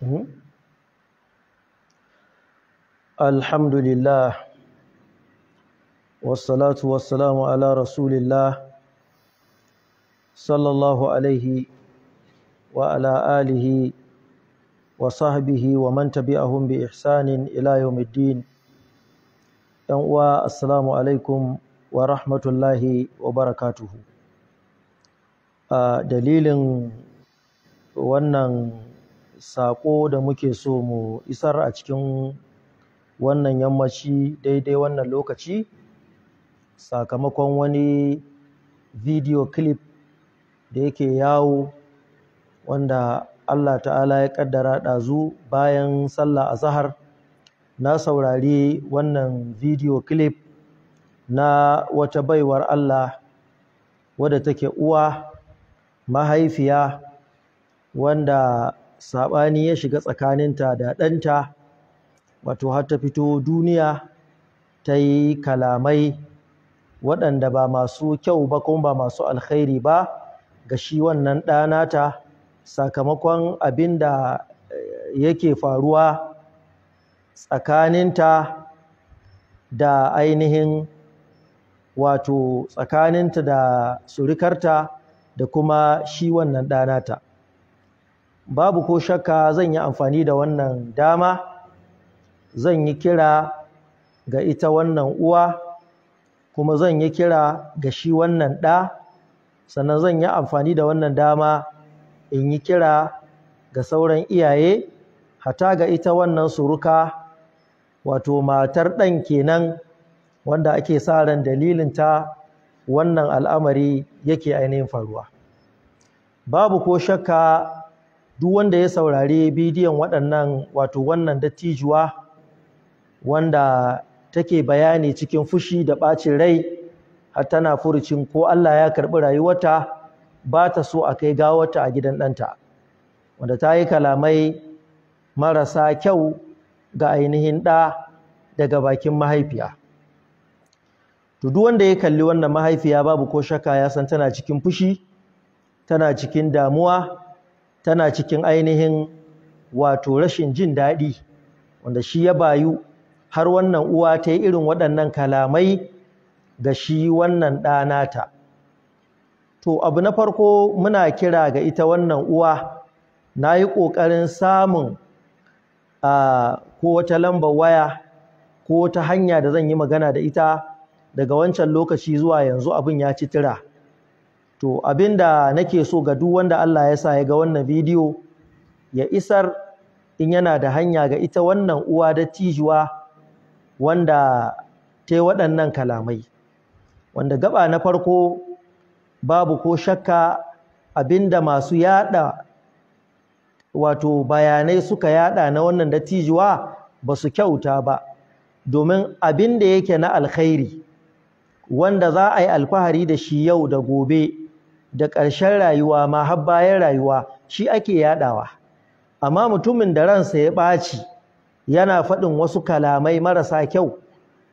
Hmm? alhamdulillah wassalatu wassalamu ala rasulillah sallallahu alaihi wa ala alihi wa sahbihi wa man tabi'ahum bi ihsanin ila yawmiddin dan uwa assalamu alaikum wa rahmatullahi wa barakatuhu a dalilin wannan saƙo da muke so mu isar a cikin wannan yammaci daidai wannan lokaci sakamakon wani video clip da yake yawo wanda Allah ta'ala ya ƙaddara ɗazu bayan sallah a zahar. na saurari wannan video clip na wata baiwar Allah wadda take uwa mahaifiya wanda saɓani ya shiga tsakaninta da ɗanta wato har ta fito duniya ta yi kalamai waɗanda ba masu kyau ba kuma ba masu alkhairi ba ga shi wannan ɗanata sakamakon abin da eh, yake faruwa tsakaninta da ainihin wato tsakaninta da surikarta da kuma shi wannan ɗanata. babu ko shakka zan yi amfani da wannan dama zan yi kira ga ita wannan uwa kuma zan yi kira ga shi wannan ɗa sannan zan yi amfani da wannan dama in yi kira ga sauran iyaye hata ga ita wannan suruka wato matar ɗan kenan wanda ake sa ran dalilinta wannan al'amari yake ainihin faruwa babu ko shakka duk wanda ya saurari bidiyon waɗannan wato wannan dattijuwa wanda take bayani cikin fushi da ɓacin rai har tana furucin ko Allah ya karɓi rayuwarta ba ta so a kai gawarta a gidan ɗanta wanda ta yi kalamai marasa kyau ga ainihin ɗa daga bakin mahaifiya to duk wanda ya kalli wannan mahaifiya babu ko shaka ya san tana cikin fushi tana cikin damuwa tana cikin ainihin wato rashin jin daɗi wanda shi ya bayu har wannan uwa ta yi irin waɗannan kalamai ga shi wannan ɗanata to abu na farko muna kira ga ita wannan uwa na yi ƙoƙarin samun ko wata lambar waya ko wata hanya da zan yi magana da ita daga wancan lokaci zuwa yanzu abin ya ci tira to abinda nake so ga duk wanda Allah ya sa ya ga wannan bidiyo ya isar in yana da hanya ga ita wannan uwa da tijuwa wanda ta yi waɗannan kalamai wanda gaba na farko babu ko shakka abinda masu yada wato bayanai suka yada na wannan dattijuwa ba su kyauta ba domin abinda yake na alkhairi wanda za a yi alfahari da shi yau da gobe da ƙarshen rayuwa ma har bayan rayuwa shi ake yaɗawa amma mutumin da ransa ya ɓaci yana faɗin wasu kalamai marasa kyau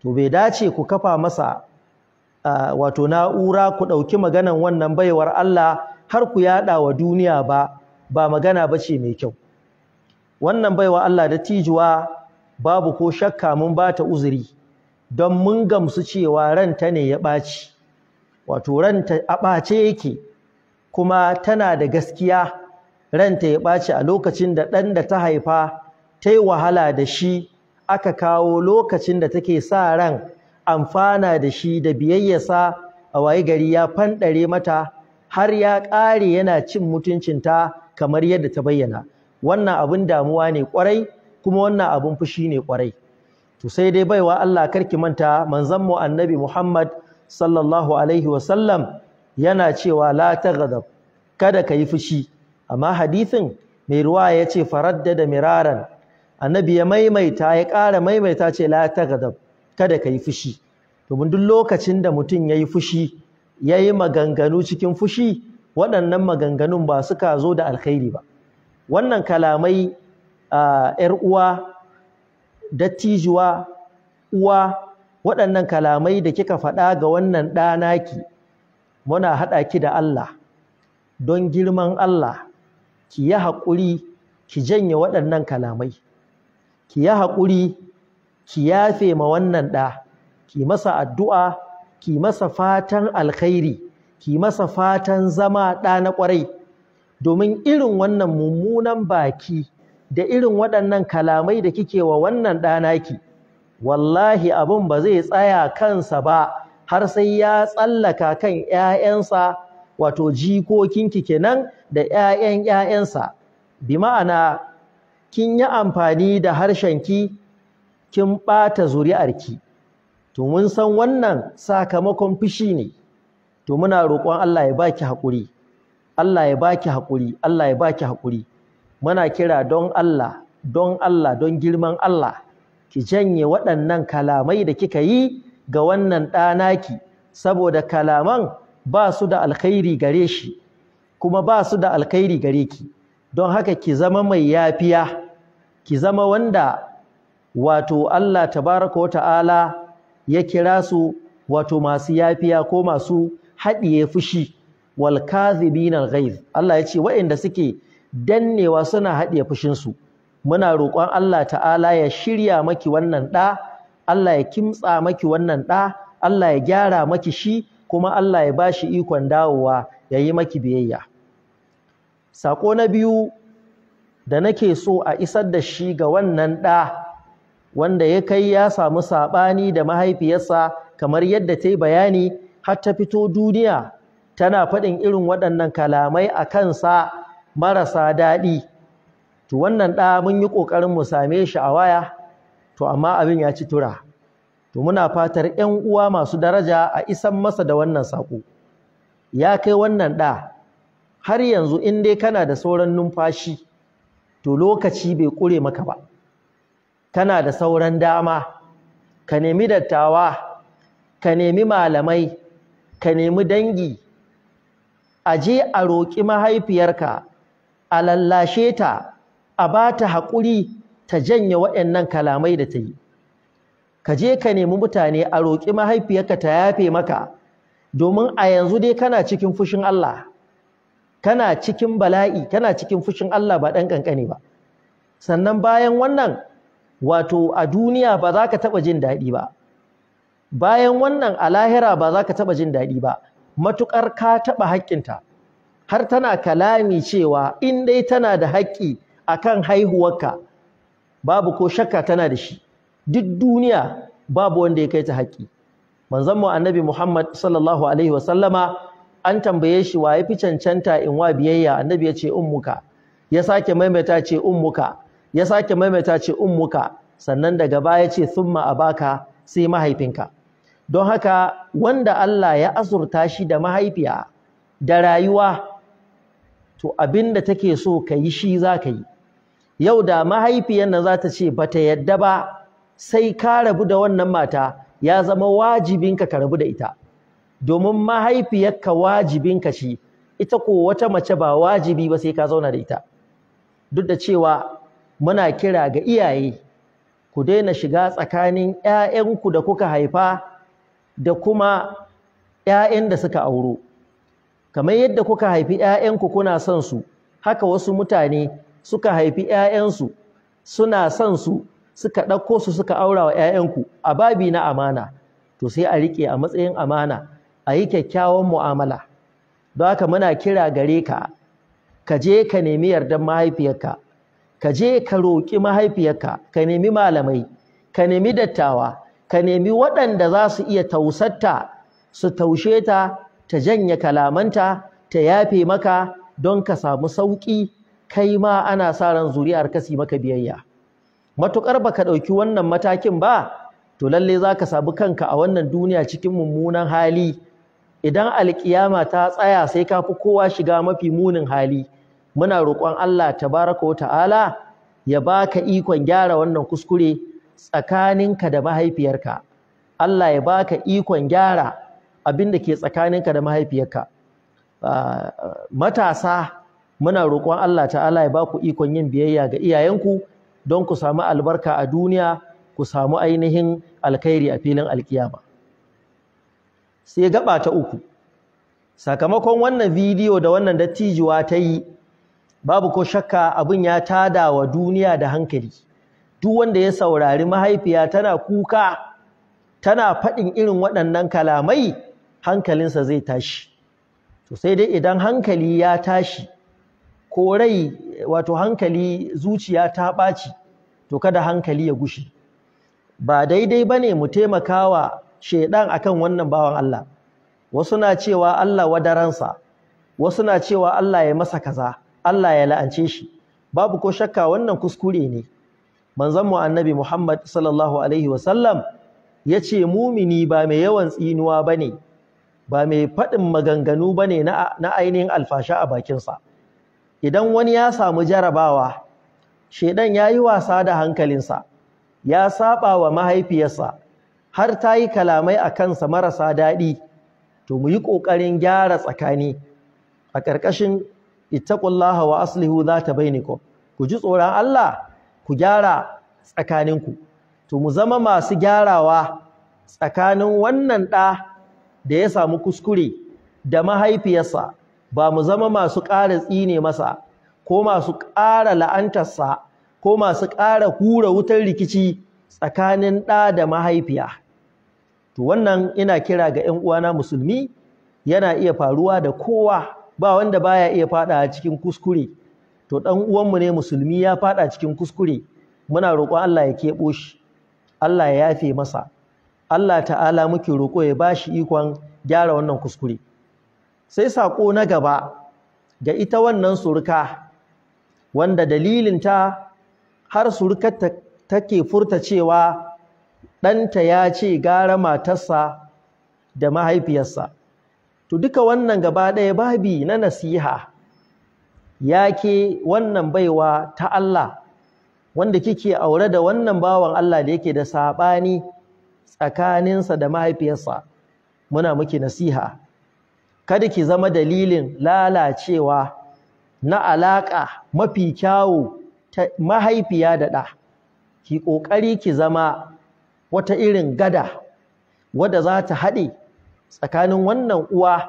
to bai dace ku kafa masa wato na'ura ku ɗauki maganan wannan baiwar Allah har ku yaɗa wa duniya ba ba magana ba ce mai kyau wannan baiwa Allah da tijuwa babu ko shakka mun ba ta uzuri don mun gamsu cewa ranta ne ya ɓaci wato ranta a ɓace yake kuma tana da gaskiya ranta ya ɓace a lokacin da ɗan da ta haifa ta yi wahala da shi aka kawo lokacin da take sa ran amfana da shi da biyayyasa a waye gari ya fanɗare mata har ya ƙare yana cin mutuncinta kamar yadda ta bayyana wannan abin damuwa ne ƙwarai kuma wannan abin fushi ne ƙwarai to sai dai baiwa Allah karki manta manzon mu annabi Muhammad sallallahu alaihi wasallam yana cewa la taghadab kada ka yi fushi amma hadisin mai ruwa ya ce faraddada miraran annabi ya maimaita ya ƙara maimaita ce la taghadab kada ka yi fushi domin duk lokacin da mutum ya yi fushi ya yi maganganu cikin fushi waɗannan maganganun ba suka zo da alkhairi ba wannan kalamai a ‘yar uwa dattijuwa uwa waɗannan kalamai da kika faɗa ga wannan ɗanaki muna haɗa ki da Allah don girman Allah ki yi haƙuri ki janye waɗannan kalamai ki yi haƙuri ki yafe ma wannan ɗa ki masa addu'a ki masa fatan alkhairi ki masa fatan zama ɗa na ƙwarai domin irin wannan mummunan baki da irin waɗannan kalamai da kike wa wannan ɗanaki wallahi abun ba zai tsaya kansa ba har sai ya tsallaka kan ‘ya'yansa wato jikokinki kenan da ‘ya'yan ‘ya'yansa bi ma'ana kin yi amfani da harshenki kin ɓata zuri'arki to mun san wannan sakamakon fushi ne to muna roƙon Allah ya baki haƙuri Allah ya baki haƙuri Allah ya baki haƙuri muna kira don Allah don Allah don girman Allah ki janye waɗannan kalamai da kika yi ga wannan ɗanaki saboda kalaman ba su da alkhairi gare shi kuma ba su da alkhairi gare ki don haka ki zama mai yafiya ki zama wanda wato Allah tabaraka wa ta'ala ya kira su wato masu yafiya ko masu haɗiye fushi wal kadhibina al Allah ya ce waɗanda suke dannewa suna haɗiye fushinsu su muna roƙon Allah ta'ala ya shirya maki wannan ɗa Allah ya kimtsa maki wannan ɗa Allah ya gyara maki shi kuma Allah ya ba shi ikon dawowa ya yi maki biyayya Saƙo na biyu da nake so a isar da shi ga wannan ɗa wanda ya kai ya samu saɓani da mahaifiyarsa kamar yadda ta yi bayani har ta fito duniya tana faɗin irin waɗannan kalamai a kansa marasa daɗi to wannan ɗa mun yi ƙoƙarin mu same shi a waya to amma abin ya ci tura to muna fatar 'yan uwa masu daraja a isan masa da wannan saƙo ya kai wannan ɗa har yanzu in dai kana da sauran numfashi to lokaci bai ƙure maka ba kana da sauran dama ka nemi dattawa ka nemi malamai ka nemi dangi a je a roƙi mahaifiyarka a lallashe ta a ba ta haƙuri ta janye waɗannan kalamai da ta yi ka je ka nemi mutane a roƙi mahaifiyarka ta yafe maka domin a yanzu dai kana cikin fushin Allah kana cikin bala'i kana cikin fushin Allah ba ɗan ƙanƙani ba sannan bayan wannan wato a duniya ba za ka taɓa jin daɗi ba bayan wannan a lahira ba za ka taɓa jin daɗi ba matuƙar ka taɓa haƙƙinta har tana kalami cewa in dai tana da haƙƙi akan haihuwarka babu ko shakka tana da shi duk duniya babu wanda ya kai ta haƙƙi manzon mu annabi Muhammad sallallahu alaihi wa sallama an tambaye shi wa ya fi cancanta in wa biyayya annabi ya ce ummuka ya sake maimaita ce ummuka ya sake maimaita ce ummuka sannan daga baya ce thumma abaka sai mahaifinka don haka wanda Allah ya azurta shi da mahaifiya da rayuwa to abinda take so ka shi za ka yi yau da mahaifiyar nan za ta ce ba ta yadda ba sai ka rabu da wannan mata ya zama wajibinka ka rabu da ita domin mahaifiyarka wajibinka shi ita ko wata mace ba wajibi ba sai ka zauna da ita duk da cewa muna kira ga iyaye ku daina shiga tsakanin ‘ya'yanku da kuka haifa da kuma ‘ya'yan da suka auro kamar yadda kuka haifi ‘ya'yanku kuna son su haka wasu mutane suka haifi ‘ya'yansu suna son su suka ɗauko su suka aura wa ‘ya'yanku a babi na amana to sai a riƙe a matsayin amana a yi kyakkyawan mu'amala ba ka muna kira gare ka ka je ka nemi yardan mahaifiyarka ka je ka roƙi mahaifiyarka ka nemi malamai ka nemi dattawa ka nemi waɗanda za su iya tausatta su taushe ta ta janye kalamanta ta yafe maka don ka samu sauƙi kai ma ana sa ran zuri'ar kasi maka biyayya matukar baka dauki wannan matakin ba to lalle zaka sabu kanka a wannan duniya cikin mummunan hali idan alkiyama ta tsaya sai ka fi kowa shiga mafi munin hali muna roƙon Allah tabaraka wa ta'ala ya baka ikon gyara wannan kuskure tsakaninka da mahaifiyarka Allah ya baka ikon gyara abin da ke tsakaninka da mahaifiyarka ah, matasa muna roƙon Allah ta'ala ya ba ku ikon yin biyayya ga iyayenku don ku samu albarka a duniya ku samu ainihin alkhairi a filin alkiyama sai gaba ta uku sakamakon wannan bidiyo da wannan dattijuwa ta yi babu ko shakka abin ya tada wa duniya da hankali duk wanda ya saurari mahaifiya tana kuka tana faɗin irin waɗannan kalamai hankalinsa zai tashi to sai dai idan hankali ya tashi Korai, wato hankali zuciya ta ɓaci to kada hankali ya gushi ba daidai ba ne mu taimakawa shaidan akan wannan bawan Allah wasu na cewa Allah wadaransa wasu na cewa Allah ya masa kaza Allah ya la'ance shi babu ko shakka wannan kuskure ne manzon mu annabi Muhammad sallallahu alaihi wasallam yace mumini ba mai yawan tsinuwa bane ba mai faɗin maganganu ba na na ainihin alfasha a bakinsa idan wani ya samu jarabawa shedan ya yi wasa da hankalinsa ya saba wa mahaifiyarsa har ta yi kalamai a kansa marasa daɗi to mu yi ƙoƙarin gyara tsakani a ƙarƙashin ittaqullaha wa aslihu zata bainakum ku ji tsoron Allah ku gyara tsakaninku to mu zama masu gyarawa tsakanin wannan ɗa da ya samu kuskure da mahaifiyarsa ba mu zama masu ƙara tsine masa ko masu ƙara la'antarsa ko masu ƙara hura wutar rikici tsakanin ɗa da mahaifiya to wannan ina kira ga 'yan uwana musulmi yana iya faruwa da kowa ba wanda baya iya faɗa cikin kuskure to ɗan uwanmu ne musulmi ya faɗa cikin kuskure muna roƙon Allah ya keɓo shi Allah ya yafe masa Allah ta'ala muke roƙo ya ba shi ikon gyara wannan kuskure sai saƙo na gaba ga ita wannan surka wanda dalilin ta har surkar take furta cewa ɗanta ya ce gara matarsa da mahaifiyarsa to duka wannan gaba ɗaya babi na nasiha ya ke wannan baiwa ta Allah wanda kike aure da wannan bawan Allah da yake da saɓani tsakaninsa da mahaifiyarsa muna muke nasiha kada ki zama dalilin lalacewa na alaƙa mafi kyawu ta mahaifiya da ɗa ki ƙoƙari ki zama wata irin gada wadda za ta haɗe tsakanin wannan uwa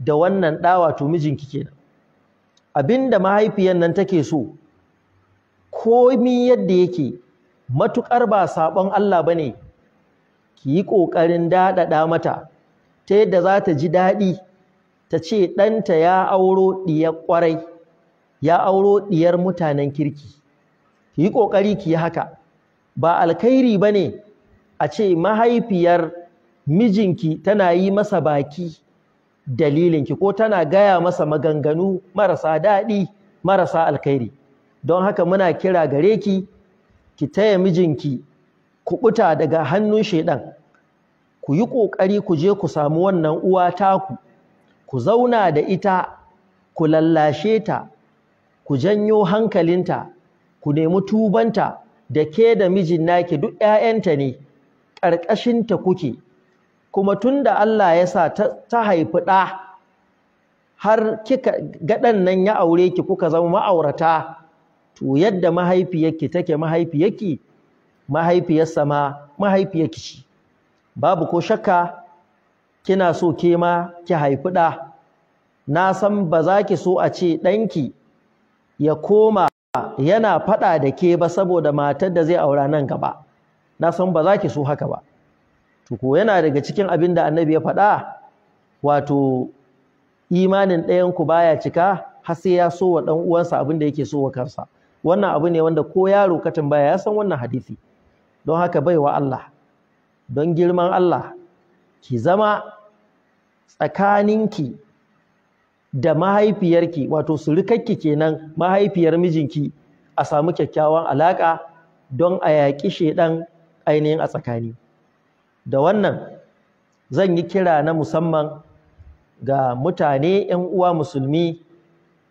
da wannan ɗa wato mijinki kenan abinda mahaifiyar nan take so komi yadda yake matuƙar ba saɓon Allah ba ne ki yi ƙoƙarin daɗaɗa mata ta yadda za ta ji daɗi ta ce ɗanta ya auro ɗiyar ƙwarai ya auro ɗiyar mutanen kirki ki yi ƙoƙari ki yi haka ba alkhairi ba ne a ce mahaifiyar mijinki tana yi masa baki dalilinki ko tana gaya masa maganganu marasa daɗi marasa alkhairi don haka muna kira gare ki ki taya mijinki kuɓuta daga hannun shaiɗan ku yi ƙoƙari ku je ku samu wannan uwa taku ku zauna da ita ku lallashe ta ku janyo hankalinta ku nemi tubanta da ke da mijin naki duk 'ya'yanta ne ƙarƙashinta kuke kuma tun da Allah ya sa ta haifi ɗa har kika gaɗan nan ya aure ki kuka zama ma'aurata to yadda mahaifiyarki take mahaifiyarki mahaifiyarsa ma mahaifiyarki ce babu ko shakka kina so ke ma ki haifi ɗa na san ba za ki so a ce ɗanki ya koma yana faɗa da ke ba saboda matar da zai aura nan gaba na san ba za ki so haka ba to ko yana daga cikin abin da annabi ya faɗa wato imanin ɗayanku baya cika har sai ya so wa ɗan uwansa abin da yake so wa kansa wannan abu ne wanda ko yaro ka tambaya ya san wannan hadisi don haka baiwa Allah don girman Allah ki zama tsakaninki da mahaifiyarki wato surukarki kenan mahaifiyar mijinki a samu kyakkyawan alaƙa don a yaƙi shedan ainihin a tsakani da wannan zan yi kira na musamman ga mutane 'yan uwa musulmi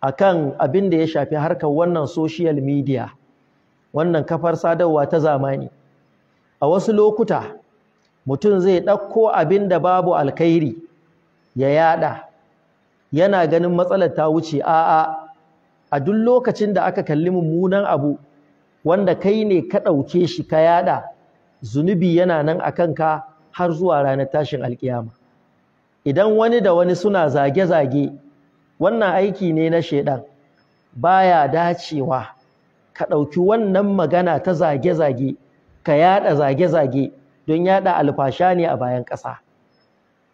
akan abin da ya shafi harkar wannan social media wannan kafar sadarwa ta zamani a wasu lokuta mutum zai ɗauko abin da babu alkhairi ya yaɗa. yana ganin matsalar ta wuce a'a a duk lokacin da aka kalli mummunan abu wanda kai ne ka ɗauke shi ka yaɗa, zunubi yana nan a kanka har zuwa ranar tashin alkiyama idan wani da wani suna zage-zage wannan aiki ne na shaidan baya dacewa ka ɗauki wannan magana ta zage-zage ka yaɗa zage-zage don yaɗa alfasha ne a bayan ƙasa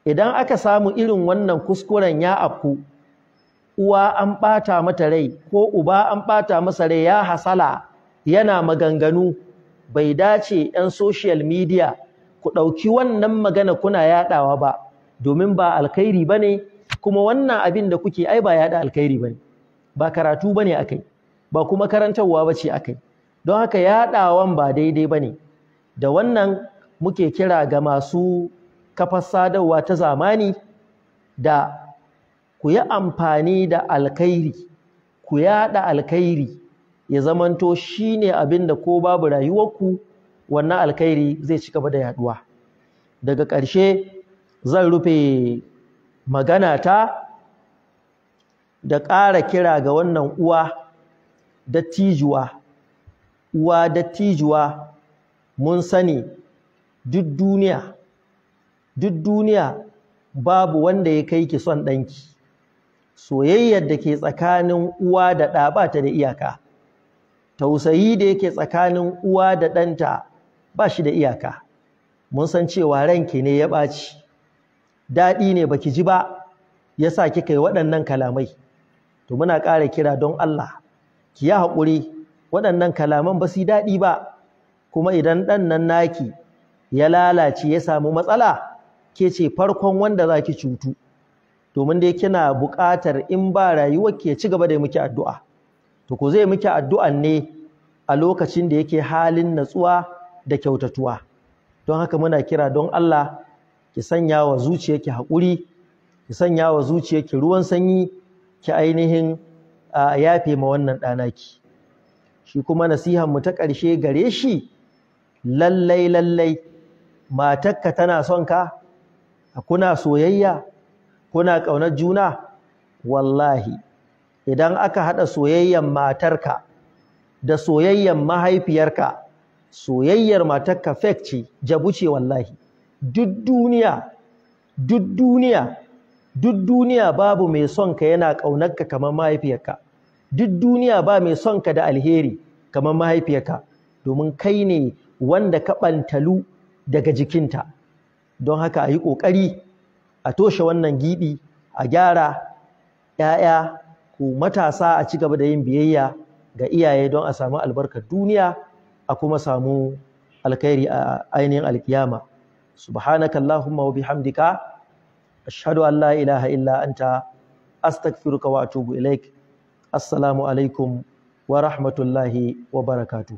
idan aka samu irin wannan kuskuren ya afku uwa an ɓata mata rai ko uba an ɓata masa rai ya hasala yana maganganu bai dace 'yan social media ku ɗauki wannan magana kuna yaɗawa ba domin ba alkhairi ba ne kuma wannan abin da kuke ai ba yaɗa alkhairi ba ne ba karatu ba ne a ba kuma karantarwa ba ce a don haka yaɗawan ba daidai ba ne da wannan muke kira ga masu kafar sadarwa ta zamani da ku yi amfani da alkhairi ku yaɗa alkhairi ya zamanto shi ne abin da ko babu rayuwarku wannan alkhairi zai ci gaba da yaduwa daga ƙarshe zan rufe magana ta da ƙara kira ga wannan uwa dattijuwa uwa dattijuwa mun sani duk duniya duk duniya babu wanda ya kai ki son ɗanki soyayyar da ke tsakanin uwa da ɗa ba ta da iyaka tausayi da yake tsakanin uwa da ɗanta ba shi da iyaka mun san cewa ranki ne ya ɓaci daɗi ne baki ji ba ya sa kika yi waɗannan kalamai to muna ƙara kira don Allah ki yi haƙuri waɗannan kalaman ba su yi daɗi ba kuma idan ɗan nan naki ya lalace ya samu matsala ke ce farkon wanda za ki cutu domin dai kina buƙatar in ba rayuwar ke ci gaba da miki addu'a to ko zai miki addu'an ne a lokacin da yake halin natsuwa da kyautatuwa don haka muna kira don Allah ki sanya wa zuciya ki haƙuri ki sanya wa zuciya ki ruwan sanyi ki ainihin yafe ma wannan ɗanaki shi kuma nasihan mu ta ƙarshe gare shi lallai lallai matakka tana son ka kuna soyayya kuna ƙaunar juna wallahi idan aka haɗa soyayyan matarka da soyayyan mahaifiyarka soyayyar matarka fake ce jabu ce wallahi duk duniya duk duniya duk duniya babu mai son ka yana ƙaunarka kamar mahaifiyarka duk duniya ba mai son ka da alheri kamar mahaifiyarka domin kai ne wanda ka ɓantalu daga jikinta don haka a yi ƙoƙari a toshe wannan giɓi a gyara ‘ya'ya ko matasa a ci gaba da yin biyayya ga iyaye don a samu albarkar duniya a kuma samu alkhairi a ainihin alkiyama subhanaka allahumma wa bihamdika ashhadu an la ilaha illa anta astaghfiruka wa atubu ilaik assalamu alaikum wa rahmatullahi wa barakatuhu